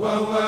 waaw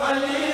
wali